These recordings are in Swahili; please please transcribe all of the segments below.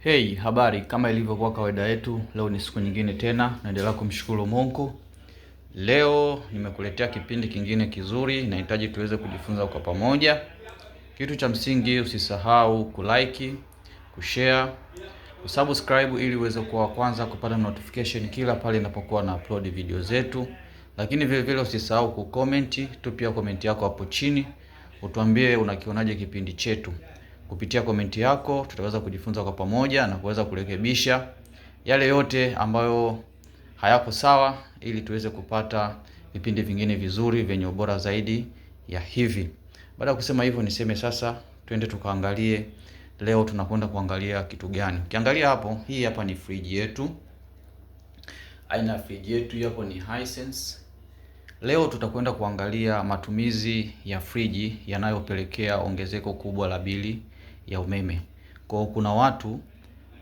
Hey, habari. Kama ilivyokuwa kawaida yetu, leo ni siku nyingine tena, naendelea kumshukuru Mungu. Leo nimekuletea kipindi kingine kizuri, nahitaji tuweze kujifunza kwa pamoja. Kitu cha msingi, usisahau kulike, kushare, kusubscribe ili uweze kuwa kwanza kupata notification kila pale inapokuwa na upload video zetu, lakini vile vile usisahau kucomment tu, pia comment yako hapo chini utuambie unakionaje kipindi chetu. Kupitia komenti yako tutaweza kujifunza kwa pamoja na kuweza kurekebisha yale yote ambayo hayako sawa, ili tuweze kupata vipindi vingine vizuri vyenye ubora zaidi ya hivi. Baada ya kusema hivyo, niseme sasa twende tukaangalie leo tunakwenda kuangalia kitu gani. Ukiangalia hapo, hii hapa ni friji yetu. Aina ya friji yetu hapo ni Hisense. Leo tutakwenda kuangalia matumizi ya friji yanayopelekea ongezeko kubwa la bili ya umeme. Kwa kuna watu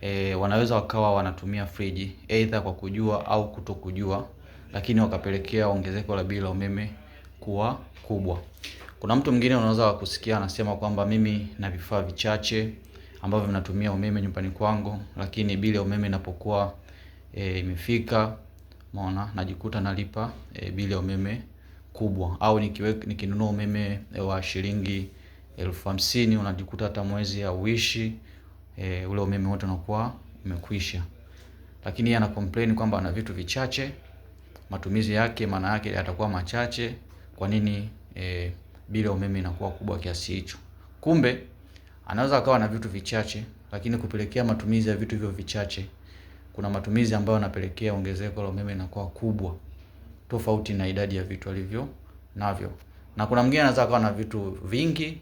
e, wanaweza wakawa wanatumia friji aidha kwa kujua au kutokujua, lakini wakapelekea ongezeko la bili la umeme kuwa kubwa. Kuna mtu mwingine unaweza kusikia anasema kwamba mimi na vifaa vichache ambavyo vinatumia umeme nyumbani kwangu, lakini bili ya umeme inapokuwa e, imefika maona najikuta nalipa e, bili ya umeme kubwa, au nikiwe, nikinunua umeme wa shilingi elfu hamsini unajikuta hata mwezi hauishi e, ule umeme wote unakuwa umekwisha. Lakini yeye ana complain kwamba ana vitu vichache, matumizi yake maana yake yatakuwa machache. Kwa nini e, bila umeme inakuwa kubwa kiasi hicho? Kumbe anaweza akawa na vitu vichache, lakini kupelekea matumizi ya vitu hivyo vichache, kuna matumizi ambayo anapelekea ongezeko la umeme inakuwa kubwa tofauti na idadi ya vitu alivyo navyo, na kuna mwingine anaweza akawa na vitu vingi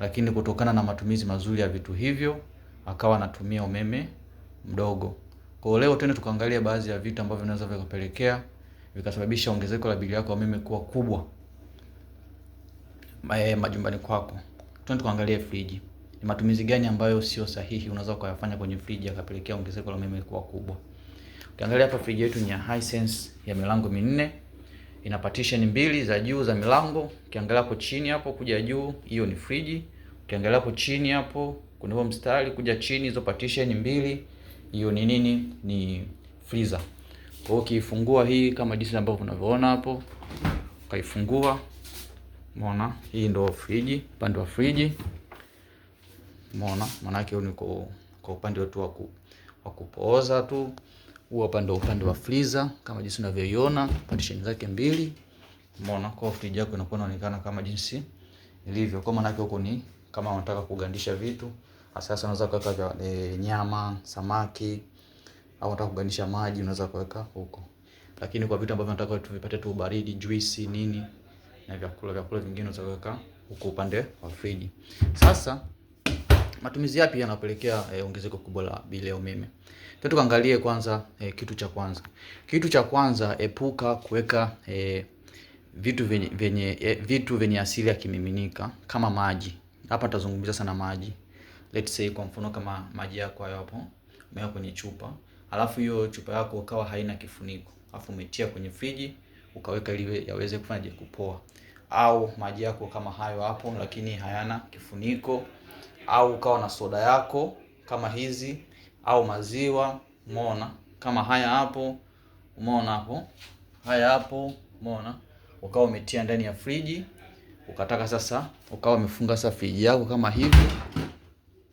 lakini kutokana na matumizi mazuri ya vitu hivyo akawa anatumia umeme mdogo. Kwa leo tena tukaangalia baadhi ya vitu ambavyo vinaweza vikapelekea vikasababisha ongezeko la bili yako ya umeme kuwa kubwa eh, majumbani kwako. Tuende tukaangalie friji. Ni matumizi gani ambayo sio sahihi unaweza kuyafanya kwenye friji yakapelekea ongezeko la umeme kuwa kubwa. Ukiangalia hapa friji yetu ni ya Hisense ya milango minne ina partition mbili za juu za milango. Ukiangalia hapo chini hapo kuja juu, hiyo ni friji. Ukiangalia hapo chini hapo kuna huo mstari kuja chini, hizo partition mbili, hiyo ni nini? Ni freezer. Kwa hiyo ukifungua hii kama jinsi ambavyo unavyoona hapo, ukaifungua, umeona hii ndio friji, upande wa friji, umeona maana yake ni kwa upande wetu wa kupooza tu huwa upande ndo upande wa freezer kama jinsi unavyoiona, partition zake mbili. Umeona, kwa fridge yako inakuwa inaonekana kama jinsi ilivyo. Kwa maana yake huko ni kama unataka kugandisha vitu, hasa sana unaweza kuweka e, nyama, samaki au unataka kugandisha maji unaweza kuweka huko. Lakini kwa vitu ambavyo unataka tuvipate tu baridi, juisi nini na vyakula vyakula vingine unaweza kuweka huko upande wa friji. Sasa matumizi yapi yanapelekea e, ongezeko kubwa la bili ya umeme? Hebu tukaangalie kwanza e, kitu cha kwanza. Kitu cha kwanza, epuka kuweka e, vitu venye, venye, e, vitu venye asili ya kimiminika kama maji. Hapa tutazungumzia sana maji. Let's say kwa mfano kama maji yako hayo hapo umeweka kwenye chupa, alafu hiyo chupa yako ukawa haina kifuniko, alafu umetia kwenye friji ukaweka ili yaweze kufanya je kupoa, au maji yako kama hayo hapo, lakini hayana kifuniko, au ukawa na soda yako kama hizi au maziwa, umeona kama haya hapo, umeona hapo, haya hapo, umeona ukawa umetia ndani ya friji, ukataka sasa, ukawa umefunga sasa friji yako kama hivi,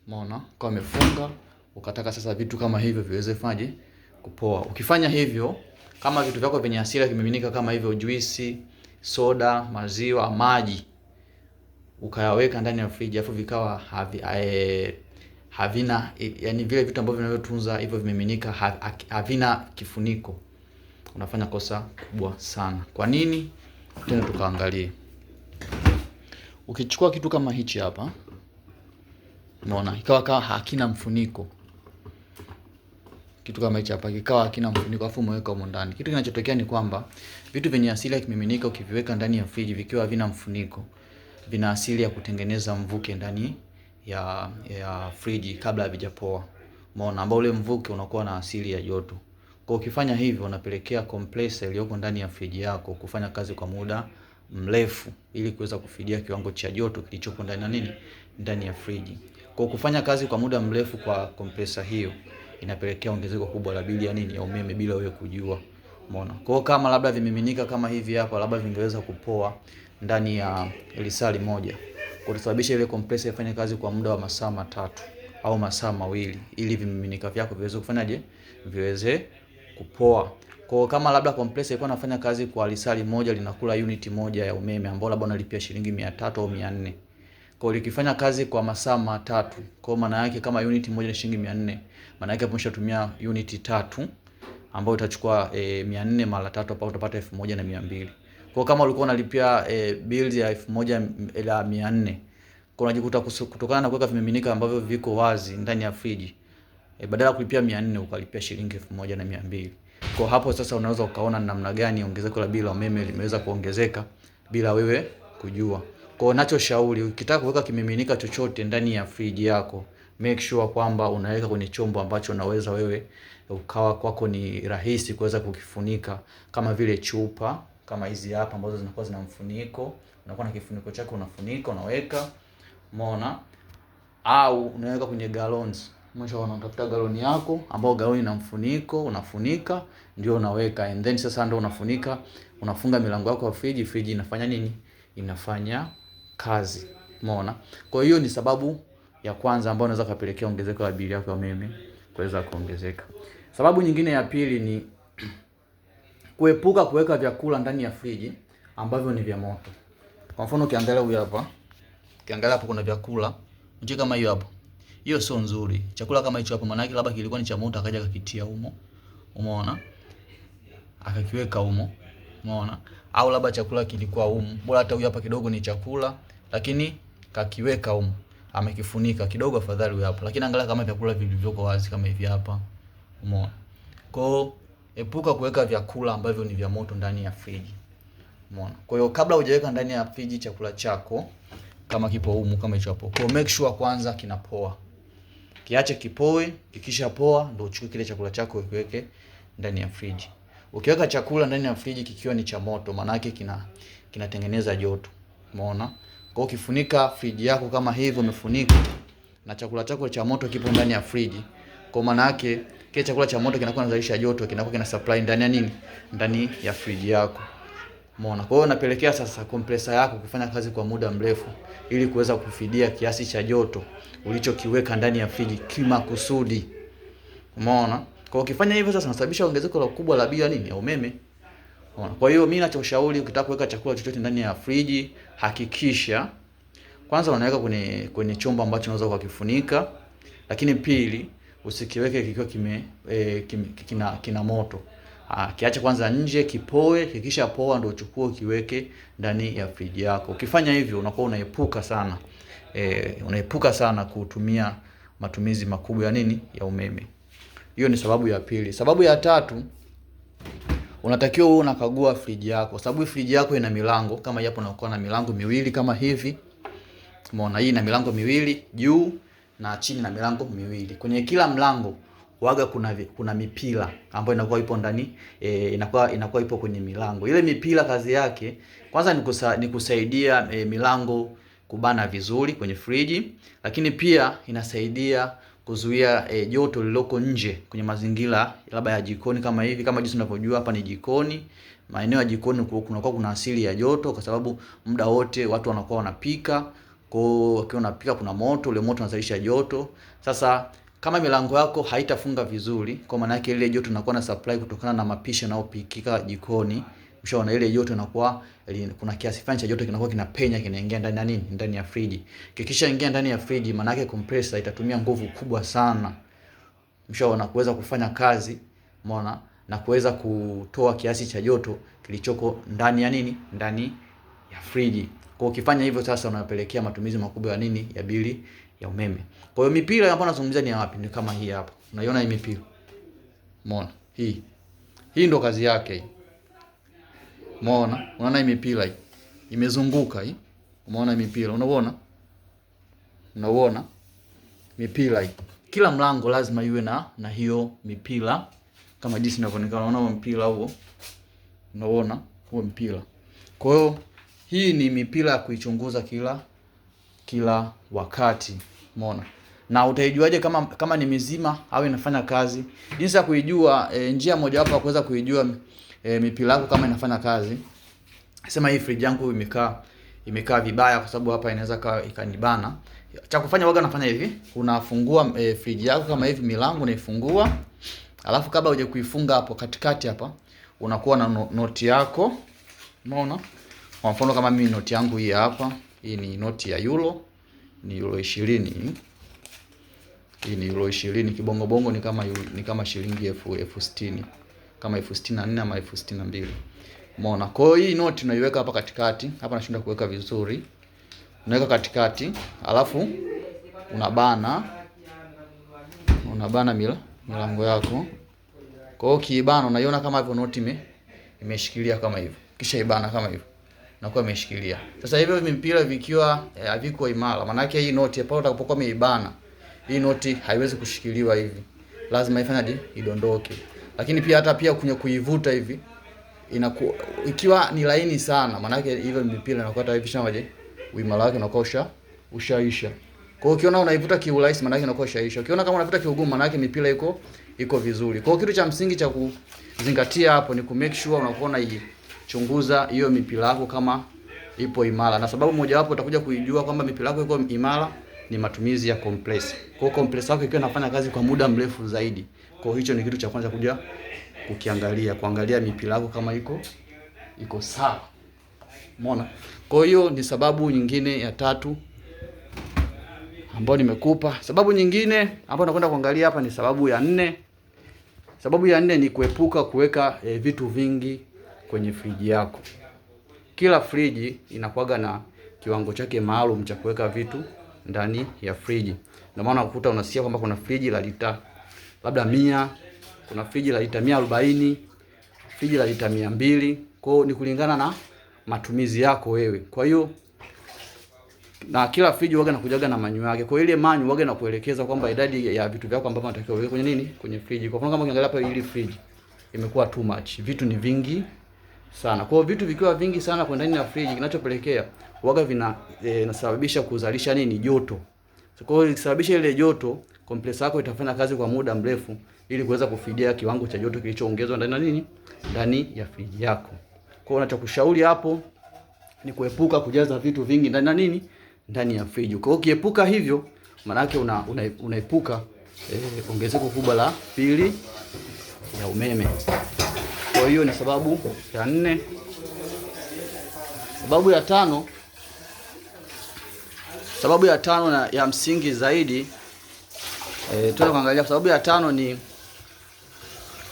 umeona ukawa umefunga, ukataka sasa vitu kama hivyo viweze faje kupoa. Ukifanya hivyo, kama vitu vyako vyenye asili kimiminika kama hivyo, juisi, soda, maziwa, maji, ukayaweka ndani ya friji afu vikawa havi eh, havina yani, vile vitu ambavyo vinavyotunza hivyo vimiminika havina kifuniko, unafanya kosa kubwa sana. Kwa nini? Tena tukaangalie, ukichukua kitu kama hichi hapa, unaona ikawa kama hakina mfuniko, kitu kama hichi hapa kikawa hakina mfuniko, afu umeweka humo ndani, kitu kinachotokea ni kwamba vitu vyenye asili ya kimiminika ukiviweka ndani ya friji vikiwa havina mfuniko, vina asili ya kutengeneza mvuke ndani ya, ya friji kabla havijapoa. Umeona, ambao ule mvuke unakuwa na asili ya joto. Kwa ukifanya hivyo unapelekea compressor iliyoko ndani ya friji yako kufanya kazi kwa muda mrefu ili kuweza kufidia kiwango cha joto kilichopo ndani na nini ndani ya friji. Kwa kufanya kazi kwa muda mrefu kwa compressor hiyo inapelekea ongezeko kubwa la bili ya nini ya umeme bila wewe kujua. Umeona? Kwa kama labda vimiminika kama hivi hapa labda vingeweza kupoa ndani ya lisali moja kutasababisha ile compressor ifanye kazi kwa muda wa masaa matatu au masaa mawili ili vimiminika vyako viweze kufanyaje, viweze kupoa. Kwa kama labda compressor ilikuwa inafanya kazi kwa lisali moja linakula unit moja ya umeme ambao labda unalipia shilingi 300 au 400. Kwa likifanya kazi kwa masaa matatu, kwa maana yake kama unit moja ni shilingi 400, maana yake hapo umeshatumia unit tatu ambayo itachukua eh, e, 400 mara tatu hapo utapata 1200. Kwa kama ulikuwa unalipia e, bills ya elfu moja e, la mia nne kwa unajikuta kutokana na kuweka vimiminika ambavyo viko wazi ndani ya friji e, badala ya kulipia 400 ukalipia shilingi elfu moja na mia mbili. Kwa hapo sasa unaweza ukaona namna gani ongezeko la bili la umeme limeweza kuongezeka bila wewe kujua. Kwa nacho shauri ukitaka kuweka kimiminika chochote ndani ya friji yako, make sure kwamba unaweka kwenye chombo ambacho unaweza wewe ukawa kwako ni rahisi kuweza kukifunika kama vile chupa kama hizi hapa ambazo zinakuwa zina mfuniko, unakuwa na kifuniko chako unafunika unaweka, umeona? Au unaweka kwenye gallons. mwisho unatafuta galoni yako ambayo galoni ina mfuniko, unafunika ndio unaweka, and then sasa ndio unafunika, unafunga milango yako ya friji. Friji inafanya nini? Inafanya kazi, umeona? Kwa hiyo ni sababu ya kwanza ambayo unaweza kupelekea ongezeko la bili yako ya umeme kuweza kuongezeka. Sababu nyingine ya pili ni Kuepuka kuweka vyakula ndani ya friji ambavyo ni vya moto. Kwa mfano ukiangalia huyu hapa, ukiangalia hapo kuna vyakula, nje kama hiyo hapo. Hiyo sio nzuri. Chakula kama hicho hapo, maana yake labda kilikuwa ni cha moto, akaja akakitia humo. Umeona? Akakiweka humo. Umeona? Au labda chakula kilikuwa humo. Bora hata huyu hapa kidogo ni chakula, lakini kakiweka humo. Amekifunika kidogo afadhali huyu hapo. Lakini angalia kama vyakula vilivyoko wazi kama hivi hapa. Umeona? Kwa Epuka kuweka vyakula ambavyo ni vya moto ndani ya friji. Umeona? Kwa hiyo kabla hujaweka ndani ya friji chakula chako kama kipo humu kama hicho hapo. Kwa make sure kwanza kinapoa. Kiache kipoe, kikisha poa ndio uchukue kile chakula chako ukiweke ndani ya friji. Ukiweka chakula ndani ya friji kikiwa ni cha moto, maana yake kina kinatengeneza joto. Umeona? Kwa hiyo ukifunika friji yako kama hivyo umefunika na chakula chako cha moto kipo ndani ya friji. Kwa maana yake Kile chakula cha moto kinakuwa kinazalisha joto, kinakuwa kina supply ndani ya nini? Ndani ya friji yako. Umeona? Kwa hiyo unapelekea sasa compressor yako kufanya kazi kwa muda mrefu ili kuweza kufidia kiasi cha joto ulichokiweka ndani ya friji kimakusudi. Umeona? Kwa hiyo ukifanya hivyo sasa unasababisha ongezeko la kubwa la bila nini ya umeme. Umeona? Kwa hiyo mimi ninachoshauri ukitaka kuweka chakula chochote ndani ya friji hakikisha kwanza unaweka kwenye kwenye chombo ambacho unaweza kukifunika, lakini pili usikiweke kikiwa kime, e, kime, kina, kina moto. Aa, kiache kwanza nje kipoe, kikisha poa ndio uchukue kiweke ndani ya friji yako. Ukifanya hivyo unakuwa unaepuka sana e, unaepuka sana kutumia matumizi makubwa ya nini ya umeme. Hiyo ni sababu ya pili. Sababu ya tatu unatakiwa wewe unakagua friji yako, sababu friji yako ina milango kama, japo unakuwa na milango miwili kama hivi, umeona hii ina milango miwili juu na chini na milango miwili. Kwenye kila mlango waga kuna kuna mipira ambayo inakuwa ipo ndani e, inakuwa inakuwa ipo kwenye milango. Ile mipira kazi yake kwanza ni kusa, ni kusaidia e, milango kubana vizuri kwenye friji, lakini pia inasaidia kuzuia e, joto lililoko nje kwenye mazingira labda ya jikoni kama hivi. Kama jinsi unavyojua hapa ni jikoni, maeneo ya jikoni kunakuwa kuna asili ya joto, kwa sababu muda wote watu wanakuwa wanapika kwa hiyo ukiwa unapika kuna moto, ule moto unazalisha joto. Sasa kama milango yako haitafunga vizuri, kwa maana yake ile joto inakuwa na supply kutokana na mapishi yanayopikika jikoni. Ushaona ile joto inakuwa kuna kiasi fulani cha joto kinakuwa kinapenya kinaingia ndani ya nini? Ndani ya friji. Kikisha ingia ndani ya friji, maana yake compressor itatumia nguvu kubwa sana. Ushaona kuweza kufanya kazi, umeona? Na kuweza kutoa kiasi cha joto kilichoko ndani ya nini? Ndani ya friji. Kwa ukifanya hivyo sasa unapelekea matumizi makubwa ya nini? Ya bili ya umeme. Kwa hiyo mipira ambayo nazungumzia ni wapi? Ni kama hii hapa. Unaiona hii mipira? Umeona? Hii. Hii ndo kazi yake hii. Umeona? Unaona hii mipira hii. Imezunguka hii. Umeona mipira? Unaona? Unaona? Mipira hii. Kila mlango lazima iwe na na hiyo mipira kama jinsi inavyoonekana. Unaona mpira huo? Unaona huo mpira. Kwa hiyo hii ni mipira ya kuichunguza kila kila wakati, umeona. Na utaijuaje kama kama ni mizima au inafanya kazi? Jinsi ya kuijua e, njia mojawapo ya kuweza kuijua e, mipira yako kama inafanya kazi, sema hii fridge yangu imekaa imekaa vibaya, kwa sababu hapa inaweza kaa ikanibana. Cha kufanya waga, nafanya hivi, unafungua e, fridge yako kama hivi, milango naifungua alafu kabla uje kuifunga hapo katikati hapa unakuwa na noti yako, umeona kwa mfano kama mimi noti yangu hii hapa, hii ni noti ya euro, ni euro 20. Hii ni euro 20 kibongo bongo ni kama yu, ni kama shilingi elfu elfu sitini. Kama elfu sitini na nne ama elfu sitini na mbili. Umeona? Kwa hiyo hii noti unaiweka hapa katikati, hapa nashinda kuweka vizuri. Unaweka katikati, alafu unabana unabana mila milango yako. Kwa hiyo kiibana unaiona kama hivyo noti ime imeshikilia kama hivyo. Kisha ibana kama hivyo nakuwa ameshikilia. Sasa hivyo mipira vikiwa eh, haviko imara, maana yake hii noti pale utakapokuwa umeibana, hii noti haiwezi kushikiliwa hivi, lazima ifanye idondoke. Lakini pia hata pia kunye kuivuta hivi inaku, ikiwa ni laini sana, maana yake hivyo mipira inakuwa hata hivi shamaje, uimara wake unakuwa usha ushaisha. Kwa hiyo ukiona unaivuta kiurahisi, maana yake inakuwa ushaisha. Ukiona kama unavuta kiugumu, maana yake mipira iko iko vizuri. Kwa hiyo kitu cha msingi cha kuzingatia hapo ni ku make sure unakuwa na hii chunguza hiyo mipira yako kama ipo imara, na sababu mojawapo utakuja kuijua kwamba mipira yako iko imara ni matumizi ya compressor. Kwa compressor yako ikiwa inafanya kazi kwa muda mrefu zaidi. Kwa hicho ni kitu cha kwanza kuja kukiangalia, kuangalia mipira yako kama iko iko sawa. Umeona? Kwa hiyo ni sababu nyingine ya tatu ambayo nimekupa. Sababu nyingine ambayo nakwenda kuangalia hapa ni sababu ya nne. Sababu ya nne ni kuepuka kuweka e, vitu vingi kwenye friji yako. Kila friji inakuwaga na kiwango chake maalum cha kuweka vitu ndani ya friji. Ndio maana ukuta unasikia kwamba kuna friji la lita labda mia, kuna friji la lita mia arobaini, friji la lita mia mbili. Kwa hiyo ni kulingana na matumizi yako wewe. Kwa hiyo na kila friji huwaga nakujaga na manyu yake. Kwa ile manyu na kuelekeza kwamba idadi ya vitu vyako ambavyo unatakiwa uweke kwenye nini? Kwenye friji. Kwa mfano kama ukiangalia hapa, hili friji imekuwa too much. Vitu ni vingi sana. Kwa hiyo vitu vikiwa vingi sana kwa ndani ya friji kinachopelekea uoga vina e, nasababisha kuzalisha nini joto. So, kwa hiyo ikisababisha ile joto kompresa yako itafanya kazi kwa muda mrefu ili kuweza kufidia kiwango cha joto kilichoongezwa ndani ya nini? Ndani ya friji yako. Kwa hiyo unachokushauri hapo ni kuepuka kujaza vitu vingi ndani ya nini? Ndani ya friji. Kwa hiyo ukiepuka hivyo maana yake una, una, unaepuka eh, ongezeko kubwa la pili ya umeme. Kwa hiyo ni sababu ya nne. Sababu ya tano, sababu ya tano na ya msingi zaidi e, tuweza kuangalia sababu ya tano ni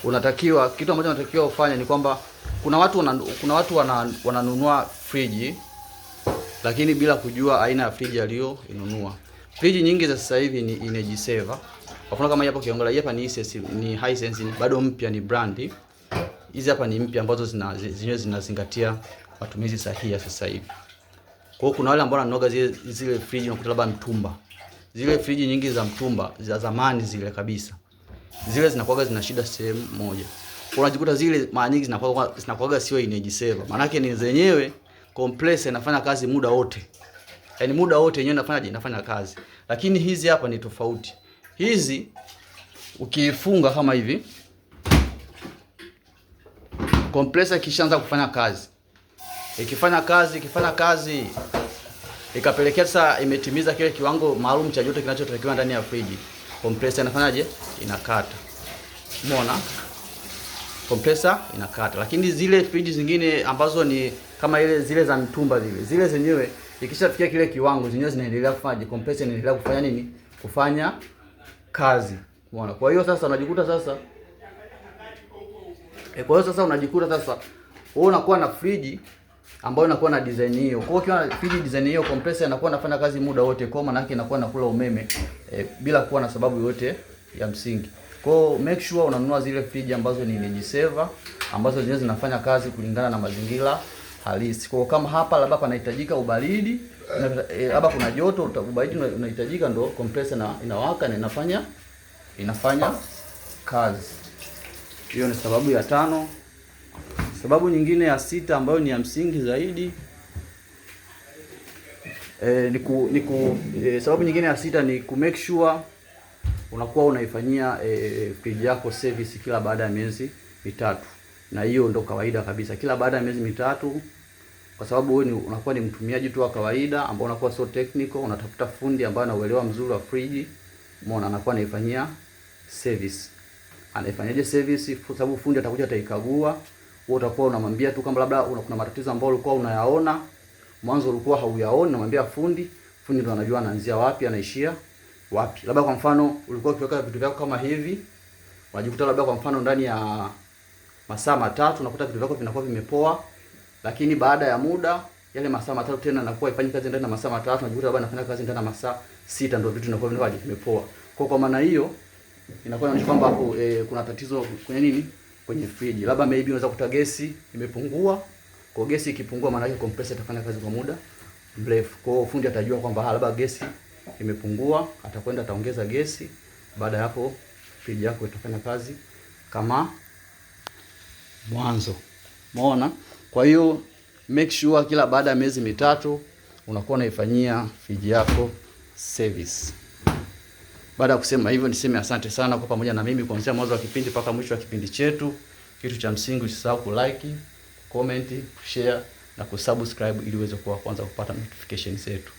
unatakiwa kitu ambacho unatakiwa ufanye ni kwamba kuna watu wana, kuna watu wana, wananunua friji lakini bila kujua aina ya friji aliyonunua. Friji nyingi za sasa hivi ni energy saver. Hakuna kama hapo, kiongola hapa ni ni Hisense bado mpya, ni brandi hizi hapa ni mpya ambazo zina zenyewe zinazingatia matumizi sahihi ya sasa hivi. Kwa hiyo kuna wale ambao wananoga zile zile friji na kutalaba mtumba. Zile friji nyingi za mtumba za zamani zile kabisa. Zile zinakuwa zina shida sehemu moja. Unajikuta zile mara nyingi zinakuwa zinakuwa sio energy saver. Maana yake ni zenyewe compressor inafanya kazi muda wote. Yaani muda wote yenyewe inafanya inafanya kazi. Lakini hizi hapa ni tofauti. Hizi ukiifunga kama hivi Compressor ikishaanza kufanya kazi, ikifanya kazi, ikifanya kazi, ikapelekea sasa imetimiza kile kiwango maalum cha joto kinachotakiwa ndani ya friji, compressor inafanyaje? Inakata. Umeona? Compressor inakata. Lakini zile friji zingine ambazo ni kama ile zile za mtumba zile, zile zenyewe ikishafikia kile kiwango zenyewe zinaendelea kufanya compressor, inaendelea kufanya nini? Kufanya kazi. Umeona? Kwa hiyo sasa unajikuta sasa E, kwa hiyo sasa unajikuta sasa wewe unakuwa na friji ambayo inakuwa na design hiyo. Kwa hiyo kwa na friji design hiyo, compressor inakuwa inafanya kazi muda wote, kwa maana yake inakuwa inakula umeme e, bila kuwa na sababu yoyote ya msingi. Kwa hiyo make sure unanunua zile friji ambazo ni energy saver ambazo zenyewe zinafanya kazi kulingana na mazingira halisi. Kwa kama hapa labda panahitajika ubaridi, eh, labda e, kuna joto, ubaridi unahitajika, ndo compressor na inawaka na inafanya inafanya kazi. Hiyo ni sababu ya tano. Sababu nyingine ya sita ambayo ni ya msingi zaidi e, ni ku, ni ku, e, sababu nyingine ya sita ni ku make sure unakuwa unaifanyia e, page yako service kila baada ya miezi mitatu, na hiyo ndo kawaida kabisa, kila baada ya miezi mitatu, kwa sababu wewe unakuwa ni mtumiaji tu wa kawaida ambao unakuwa so technical, unatafuta fundi ambaye ana uelewa mzuri wa friji, umeona, anakuwa anaifanyia service anaifanyaje service, kwa sababu fundi atakuja ataikagua. Wewe utakuwa unamwambia tu kama labda kuna matatizo ambayo ulikuwa unayaona mwanzo ulikuwa hauyaoni, namwambia fundi. Fundi ndo anajua anaanzia wapi anaishia wapi. Labda kwa mfano ulikuwa ukiweka vitu vyako kama hivi, unajikuta labda kwa mfano ndani ya masaa matatu unakuta vitu vyako vinakuwa vimepoa, lakini baada ya muda yale masaa matatu tena nakuwa ifanye kazi ndani ya masaa matatu, unajikuta labda nafanya kazi ndani ya masaa sita, ndio vitu vinakuwa vimepoa. Kwa kwa maana hiyo inakuwa inaonyesha kwamba hapo eh, e, kuna tatizo kwenye nini kwenye friji, labda maybe unaweza kuta gesi imepungua. Kwa gesi ikipungua, maana yake compressor itafanya kazi kwa muda mrefu. Kwa hiyo fundi atajua kwamba ah, labda gesi imepungua, atakwenda ataongeza gesi. Baada ya hapo, friji yako itafanya kazi kama mwanzo. Umeona? Kwa hiyo make sure kila baada ya miezi mitatu unakuwa unaifanyia friji yako service. Baada ya kusema hivyo, niseme asante sana kwa pamoja na mimi kuanzia mwanzo wa kipindi mpaka mwisho wa kipindi chetu. Kitu cha msingi usisahau like, comment, share na kusubscribe ili uweze kuwa kwanza kupata notification zetu.